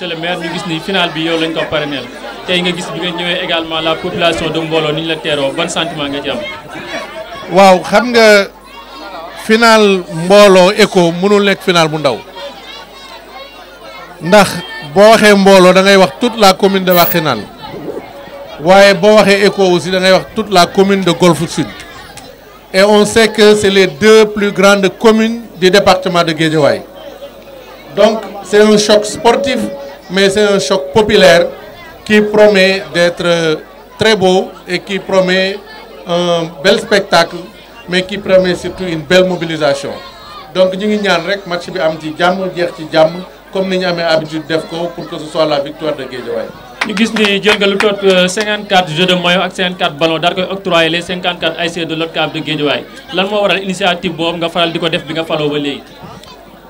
c'est le maire de gis ni final bi yow lañ ko il tey nga également la population de Mbolo ni la teeroo ban sentiment nga ci am. waaw xam nga final Mbolo ECHO mënul nekk final bu ndaw ndax boo Mbolo da ngay toute la commune de Wachenan. waaye boo waxee aussi da toute la commune de Golfe Sud. et on sait que c'est les deux plus grandes communes du département de Guédiawaye. Donc, c'est un choc sportif mais c'est un choc populaire qui promet d'être euh, très beau et qui promet un bel spectacle, mais qui promet surtout une belle mobilisation. Donc nous avons rek match bi am comme nous avons pour que ce soit la victoire de Nous avons 54 jeux de maillot et 54 ballons Nous koy octroyé les 54 de de l'initiative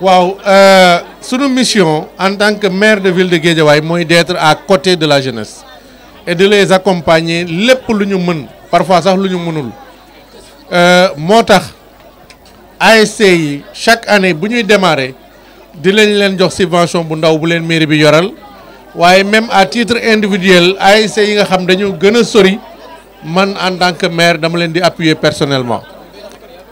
waaw euh, notre mission en tant que maire de ville de Guédiawaye d'être à côté de la jeunesse et de les accompagner tout ce qu'on mën parfois sax lu mënul j'ai euh, essayé chaque année quand on démarrer di lañ des jox subvention bu ndaw bu leen mairie même à titre individuel ASC yi nga xam dañu de sori man en tant que maire dama leen appuyer personnellement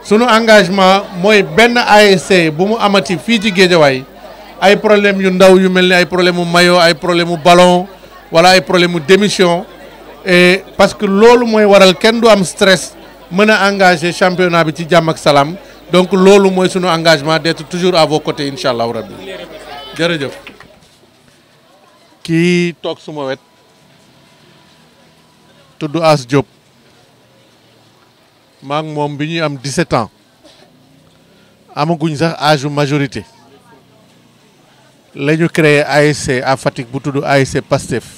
sunu engagement mooy benn ASC bu mu amati fii ci ay problème yu ndaw yu mel ni ay problème mu maillot ay problème mu ballon wala ay problème mu démission e parce que loolu mooy waral kenn du am stress mën a engage championnat bi ci jàmm ak salaam donc loolu mooy sunu engagement d'être toujours à vos côtés incha allahu rabbi jërëjëf kii toog suma wet tudd As Diop Mang suis 17 ans Je suis âge majorité Nous avons créé ASC à Fatick bu tudd ASC Pastef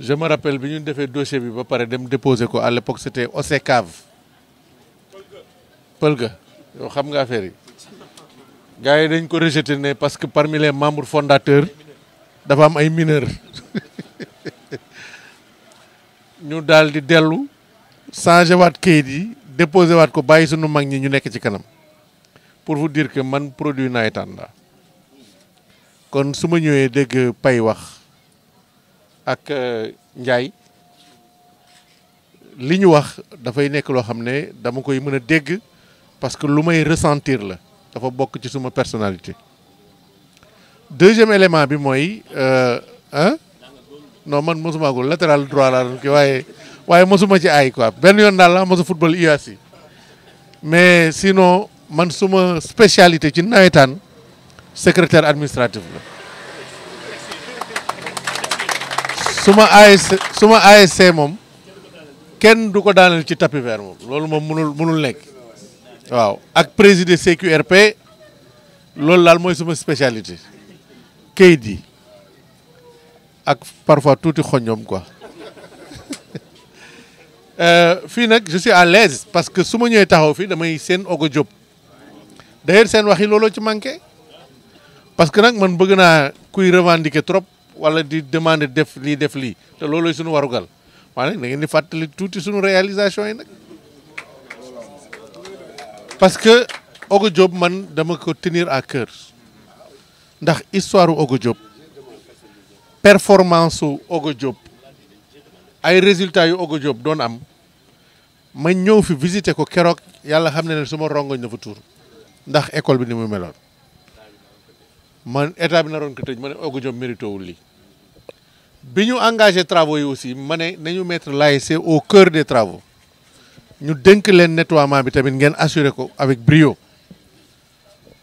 je me rappelle bi nous avons dossier bi ba nous dem déposer à l'époque c'était OCCAV pelgue yow xam nga affaire yi gars yi dañ ko rejeté parce que parmi les membres fondateurs y a des mineurs nous avons di changé waat kayit di déposé waat ko bàyyi sunu mag ñi ñu nekk ci kanam pour vous dire que man produit nawetaan la kon su ma ñëwee dégg pay wax ak euh, njaay li ñu wax dafay nekk loo xam ne dama koy mën a dégg parce que lu may ressentir la dafa bokk ci suma personnalité deuxième élément bi mooy ah non man mosuma ko latéral droit laa doon ki waaye waaye mosuma ci ay quoi benn yoon daal la mosu football UAC mais sinon man suma spécialité ci nawetaan secrétaire administratif la suma ASC suma ASC moom kenn du ko daaneel ci tapis vert moom loolu moom mënul mënul nekk waaw ak président CQRP loolu daal mooy suma spécialité kayit yi ak parfois tuuti xoñoom quoi Euh, fii nag je suis à l'aise parce que su ma ñëwee taxaw fii damay seen Ogo Diop d'ailleurs seen wax yi looloo ci manqué parce que nag man bëgg naa kuy revendiquer trop wala di demander def lii def lii te loolooy suñu warugal waaye nag da di fàttali tuuti suñu réalisation yi nag parce que Ogo Diop man dama ko tenir à cœur ndax histoire u Ogo Diop performance u Ogo Diop ay résultats yu Ogo Diop doon am ma ñëw fi visiter ko keroog yàlla xam ne ne suma rongoñ na fa tuur ndax école bi ni muy meloon man état bi naroon ko tëj ma ne Ogo Diop mérité wul lii bi ñu engagé travaux yi aussi ma ne nañu mettre l'ASC au cœur des travaux ñu dënk leen nettoiement bi tamit ngeen assurer ko avec brio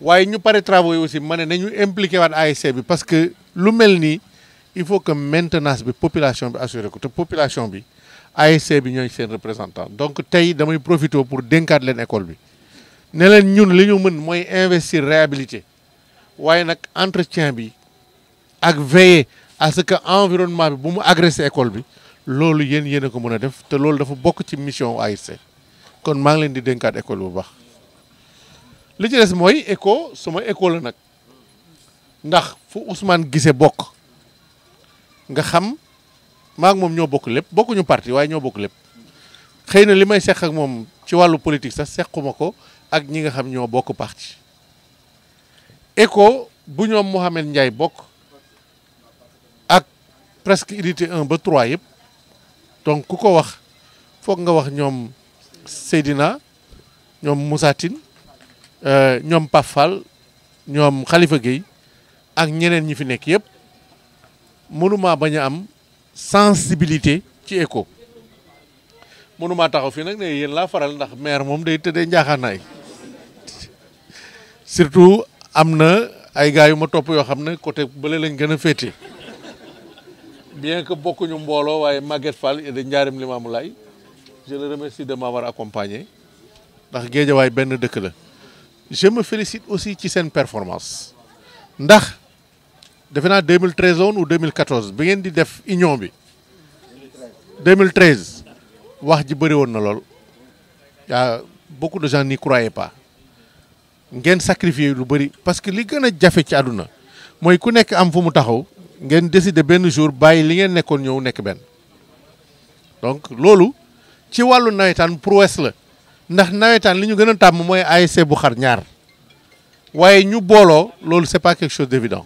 waaye ñu pare travaux yi aussi ma ne nañu impliqué waat ASC bi parce que lu mel nii il faut que maintenance bi population bi assuré ko te population bi ASC bi ñooy représentants. représentant donc tey damay profité pour dénkaat l'école. école bi ne leen ñun li ñu investir réhabilité waaye nag entretien bi ak veiller à ce que environnement bi bu mu agressé école bi loolu yéen yéen a ko mën a def te loolu dafa bokk ci mission ASC kon maa ngi leen di dénkaat école bu baax li ci des mooy éco suma école la ndax fu Ousmane Guissé bokk nga xam maak moom ñoo bokk lépp bokkuñu parti waaye ñoo bokk lépp xëy na li may seq ak moom ci wàllu politique sax sequma ko ak ñi nga xam ñoo bokk parti ECHO bu ñoom Mouhamed Ndiaye bokk ak presque unité un ba 3 yëpp donc ku ko wax foog nga wax ñoom Seydina ñoom Moussa Tine euh, ñoom Pafal ñoom Khalifa Gueye ak ñeneen ñi fi nekk yëpp mënumaa bañ a am sensibilité ci éco mënumaa taxaw fii nag ne yéen laa faral ndax maire moom day tëddee njaaxaanaay surtout am na ay gars yu ma topp yoo xam ne côté bële lañ gën a féete bien que bokkuñu mbooloo waaye Maguette Fall de Ndiarème laay je le remercie de m'avoir accompagné ndax Guédiawaye benn dëkk la je me félicite aussi ci seen performance ndax defe naa 2013 woon ou 2014 bi ngeen di def union bi 2013 wax ji bëri woon na lool yaa beaucoup de gens n'y croyaient pas ngeen sacrifier lu bëri parce que li gën a jafe ci àdduna mooy ku nekk am fu mu taxaw ngeen décider benn jour bàyyi li ngeen nekkoon ñëw nekk benn donc loolu ci wàllu nawetaan prouesse la ndax nawetaan li ñu gën a tàmm mooy ASC bu xar ñaar waaye ñu booloo loolu c'est pas quelque chose d'évident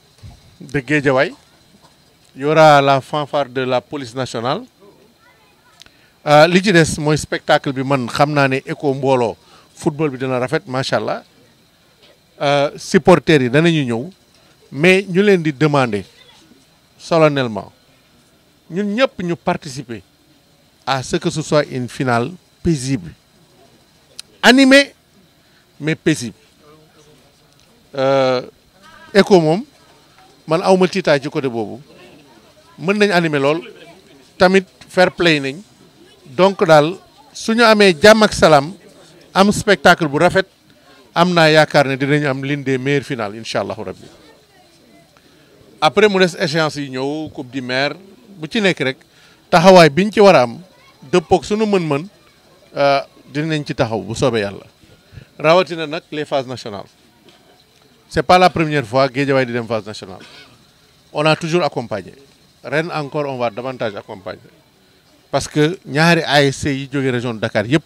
de Guédiawaï. Il y aura la fanfare de la police nationale. Euh, L'idée, c'est mon spectacle bi man que naa football de dina machallah. Les euh, supporters ils sont ñëw mais nous l'avons demandé. solennellement nous, ñëpp ñu participer à ce que ce soit une finale paisible animée mais paisible et euh, man awma titay ci côté bobu mën nañ animer lol tamit fair play nañ donc dal suñu amé jam ak salam am spectacle bu rafet am yakar ne dinañ am l'une des meilleures finales inshallah rabbi après mu dess échéance yi ñew coupe du maire bu ci nek rek taxaway biñ ci wara am suñu mën-mën euh, dinañ ci taxaw bu yalla rawati rawatina nak les phases nationales c'est pas la première fois Guédiawaye di dem phase nationale on a toujours accompagné ren encore on va davantage accompagner parce que ñaari ASC yi jóge région de Dakar yëpp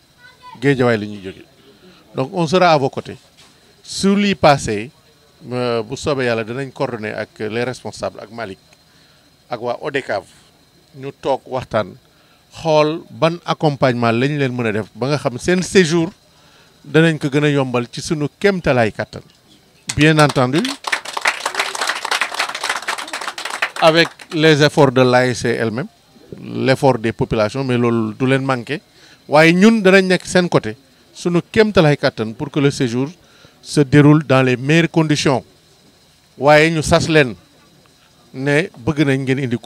Guédiawaye la ñuy jóge donc on sera à vos côtés su lii passé euh, bu soobee yàlla dinañ coordonner ak les responsables ak Malick ak waa ODECAV ñu toog waxtaan xool ban accompagnement lañu leen mën a def ba nga xam seen séjour danañ ko gën a yombal ci sunu kéemtalaay kàttan bien entendu, avec les efforts de l'AEC elle-même, l'effort des populations, mais le du manquer. manqué nous ñun danañ nekk côté sunu kéemtalaay pour que le séjour se déroule dans les meilleures conditions Nous ñu sas len ne bëgg nañ ngeen indi